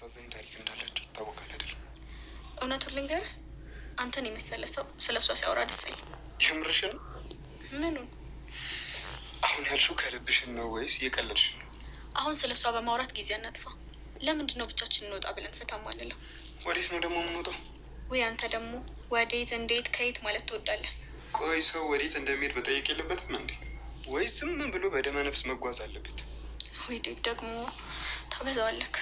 አሳዛኝ ታሪክ እንዳላቸው ይታወቃል አይደል? እውነቱን ልንገር፣ አንተን የመሰለ ሰው ስለ እሷ ሲያወራ ደስ አይልም። የምርሽን? ምኑን? አሁን ያልሽው ከልብሽን ነው ወይስ እየቀለድሽን ነው? አሁን ስለ እሷ በማውራት ጊዜ አናጥፋ። ለምንድን ነው ብቻችን እንወጣ ብለን ፈታ ማንለው? ወዴት ነው ደግሞ የምንወጣው? ወይ አንተ ደግሞ ወዴት፣ እንዴት፣ ከየት ማለት ትወዳለን? ቆይ ሰው ወዴት እንደሚሄድ በጠየቅ የለበትም እንዴ? ወይ ዝም ብሎ በደመ ነፍስ መጓዝ አለበት? ወይ ደግሞ ታበዛዋለክ።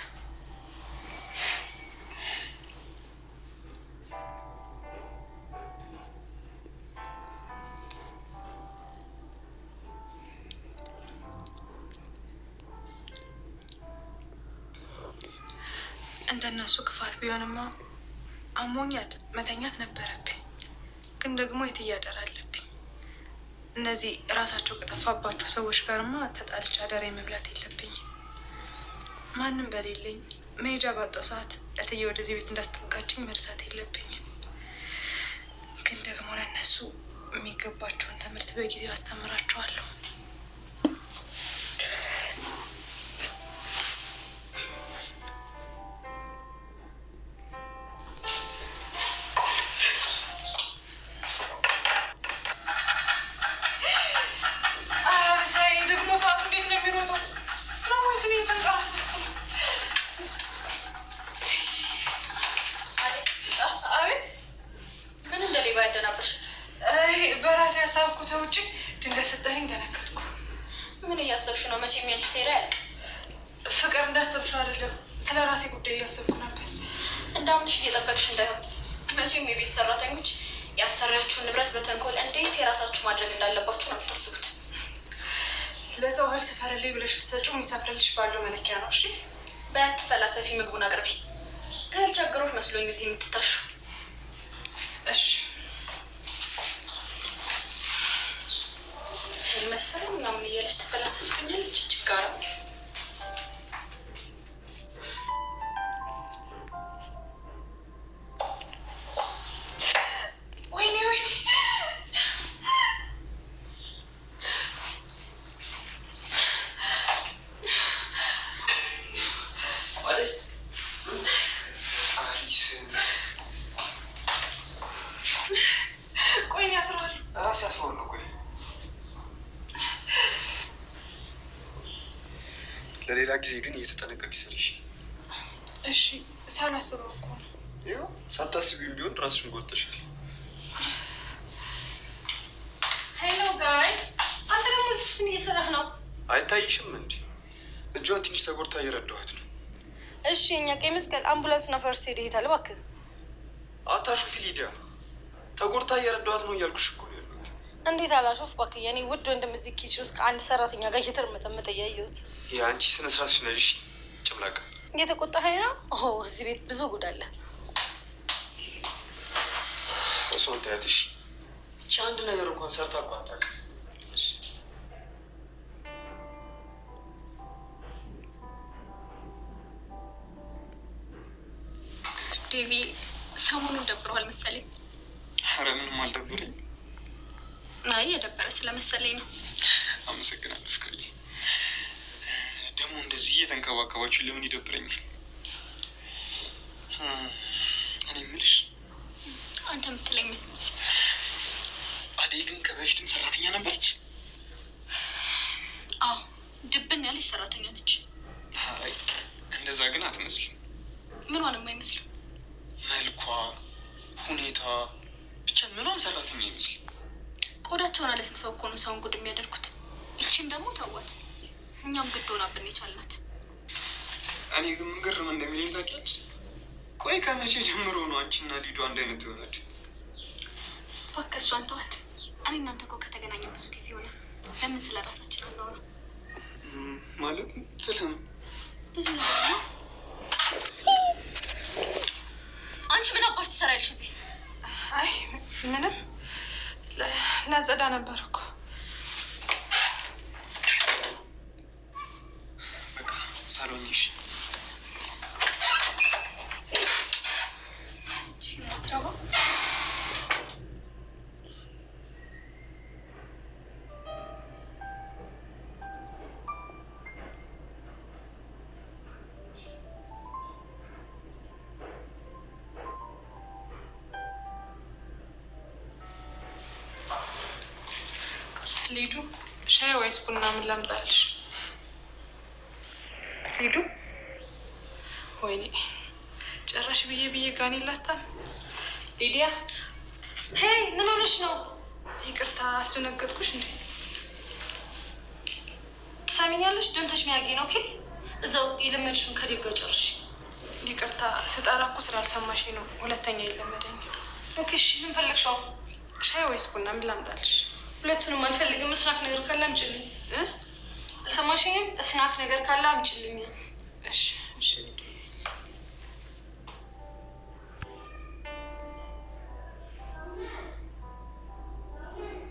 እንደነሱ ክፋት ቢሆንማ አሞኛል፣ መተኛት ነበረብኝ። ግን ደግሞ የት እያደር አለብኝ። እነዚህ እራሳቸው ከጠፋባቸው ሰዎች ጋርማ ተጣልቻ አደሬ መብላት የለብኝም። ማንም በሌለኝ መሄጃ ባጣው ሰዓት እትዬ ወደዚህ ቤት እንዳስጠጋችኝ መርሳት የለብኝም። ግን ደግሞ ለእነሱ የሚገባቸውን ትምህርት በጊዜው አስተምራቸዋለሁ። ስትለኝ ደነገጥኩ። ምን እያሰብሽ ነው? መቼ የሚያንች ሴራ ያልቅ ፍቅር እንዳሰብሽው አይደለም። ስለ ራሴ ጉዳይ እያሰብኩ ነበር። እንዳምንሽ እየጠበቅሽ እንዳይሆን። መቼም የቤት ሰራተኞች ያሰራችሁን ንብረት በተንኮል እንዴት የራሳችሁ ማድረግ እንዳለባችሁ ነው የምታስቡት። ለሰው እህል ስፈርልኝ ብለሽ ብትሰጪው የሚሰፍርልሽ ባለው መለኪያ ነው። እሺ ፈላሰፊ ምግቡን አቅርቢ። እህል ቸግሮች መስሎኝ እዚህ የምትታሹ። እሺ መስፈሪያ ምናምን እያለች ትፈላሰፋኛለች ችጋራ ለሌላ ጊዜ ግን እየተጠነቀቅ ይሰልሽ። እሺ፣ ሳላስበው እኮ ይኸው፣ ሳታስቢው ቢሆን ራሱን ጎተሻል። ሄሎ ጋይስ፣ አንተ ደግሞ እዚህ ምን እየሰራህ ነው? አይታይሽም እንዴ? እጇን ትንሽ ተጎድታ እየረዳኋት ነው። እሺ፣ እኛ ቀይ መስቀል አምቡላንስና ፈርስት ኤድ ይሄዳል። እባክህ አታሹፊ ሊዲያ፣ ተጎድታ እየረዳኋት ነው እያልኩሽ እኮ ነው እንዴት አላሾፍ እባክህ የኔ ውድ ወንድም፣ እዚህ ኪችን ውስጥ ከአንድ ሰራተኛ ጋር እየተርመጠመጠ እያየሁት። የአንቺ ስነ ስርዓት ሲነልሽ ጭምላቃ እየተቆጣኸኝ ነው። እዚህ ቤት ብዙ ጉድ አለ። እሷን ታያትሽ እቺ አንድ ነገር እንኳን ሰርታ እኮ አታውቅም። ዴቪ ሰሞኑን ደብረዋል መሰለኝ። ኧረ ምንም አልደብረኝም አይ የደበረ ስለመሰለኝ ነው። አመሰግናለሁ ፍቅርዬ። ደግሞ እንደዚህ እየተንከባከባችሁ ለምን ይደብረኛል? እኔ የምልሽ አንተ የምትለኝ ምን? አደይ ግን ከበፊትም ሰራተኛ ነበረች? አዎ ድብን ያለች ሰራተኛ ነች። እንደዛ ግን አትመስልም። ምኗንም አይመስልም። መልኳ፣ ሁኔታ ብቻ ምኗም ሰራተኛ አይመስልም። ቆዳቸውን አለስልሰው እኮ ነው ሰውን ጉድ የሚያደርጉት። ይቺን ደግሞ ተዋት፣ እኛም ግድ ሆናብን የቻልናት። እኔ ግን ምግርም እንደሚለኝ ታውቂያለሽ? ቆይ ከመቼ ጀምሮ ነው አንቺና ሊዱ አንድ አይነት የሆናችሁ? እባክህ እሷን ተዋት። እኔ እናንተ እኮ ከተገናኘ ብዙ ጊዜ ሆነ። ለምን ስለ ራሳችን ነው ማለት ስለም ብዙ ነገር ነው። አንቺ ምን አባሽ ትሰራለሽ እዚህ? አይ ምንም ላጸዳ ነበር እኮ ሳሎን ሊዱ ሻይ ወይስ ቡና ምን ላምጣልሽ? ሊዱ ወይኔ ጨራሽ ብዬ ብዬ ጋኔ ላስታል። ሊዲያ ሄይ፣ ምን ሆነሽ ነው? ይቅርታ አስደነገጥኩሽ። እንዴ ትሰሚኛለሽ? ደንተሽ ሚያጌ ነው ኬ እዛው የለመድሽውን ከዴጋ ጨርሽ። ይቅርታ ስጠራ እኮ ስላልሰማሽ ነው። ሁለተኛ የለመደኝ። ኦኬ፣ ምን ፈለግሻው? ሻይ ወይስ ቡና ምን ላምጣልሽ? ሁለቱንም አልፈልግም። እስናት ነገር ካለ አምጭልኝ። አልሰማሽኝም? እስናት ነገር ካለ አምጭልኝ። እሺ፣ እሺ